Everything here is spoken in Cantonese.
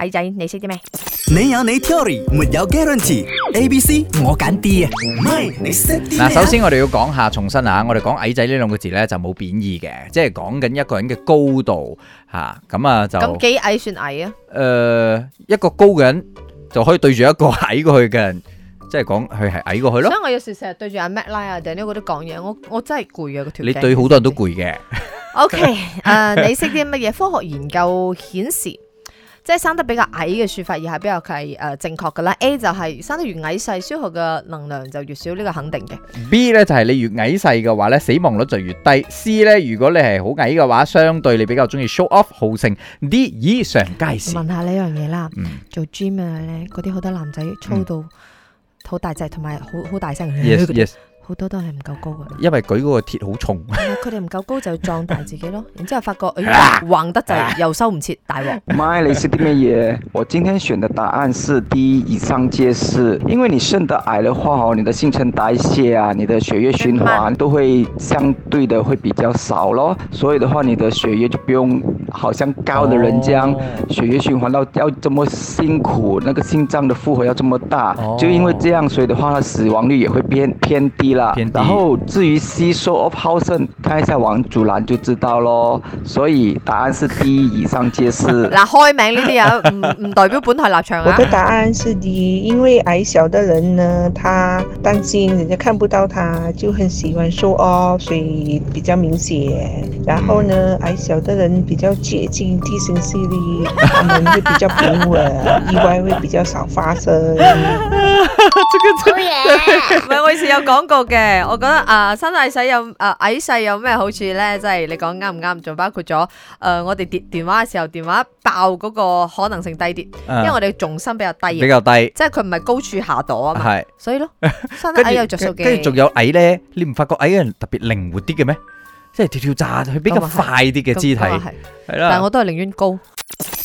矮仔，你識啲咩？你有你 theory，沒有 guarantee。A、B、C，我揀 D 啊！唔係你識啲，嗱，首先我哋要講下，重申啊，我哋講矮仔呢兩個字咧就冇貶義嘅，即係講緊一個人嘅高度吓，咁啊就咁幾矮算矮啊？誒，一個高嘅人就可以對住一個矮過去嘅人，即係講佢係矮過去咯。所以我有時成日對住阿 Matt Lie 啊，頂喺嗰度講嘢，我我真係攰啊！個條你對好多人都攰嘅。OK，誒，你識啲乜嘢？科學研究顯示。即係生得比較矮嘅說法，而係比較係誒、呃、正確噶啦。A 就係生得越矮細，消耗嘅能量就越少，呢個肯定嘅。B 咧就係你越矮細嘅話咧，死亡率就越低。C 咧如果你係好矮嘅話，相對你比較中意 show off 好勝。D 以上皆是。問下、嗯、呢樣嘢啦，做 gym 啊咧，嗰啲好多男仔操到好大隻，同埋好好大聲，好 Yes, 多都係唔夠高嘅，因為舉嗰個鐵好重。佢哋唔夠高就要壯大自己咯，然之後發覺哎呀橫得滯又收唔切大鑊。My 嚟是啲咩嘢？我今天選的答案是 D，以上皆是。因為你生得矮的話，你的新陳代謝啊，你的血液循環都會相對的會比較少咯，所以的話你的血液就不用好像高的人將血液循環到要這麼辛苦，那個心臟的負荷要這麼大，就因為這樣，所以的話死亡率也會偏偏低啦。然後至於吸收或耗看一下王祖藍就知道嘍，所以答案是 D，以上皆是。那 開名呢、啊？啲人唔唔代表本台立場啊。我的答案是 D，因為矮小的人呢，他擔心人家看不到他，就很喜歡說哦，所以比較明顯。然後呢，嗯、矮小的人比較接近地心吸力，他們會比較平穩， 意外會比較少發生。 唔係我以前有講過嘅，我覺得啊生矮細有啊矮細有咩好處咧？即係你講啱唔啱？仲包括咗誒，我哋跌電話嘅時候，電話爆嗰個可能性低啲，因為我哋重心比較低，比較低，即係佢唔係高處下墮啊嘛，係，所以咯，生矮又着數嘅，跟住仲有矮咧，你唔發覺矮人特別靈活啲嘅咩？即係跳跳紮佢比較快啲嘅肢體，係啦，但係我都係寧願高。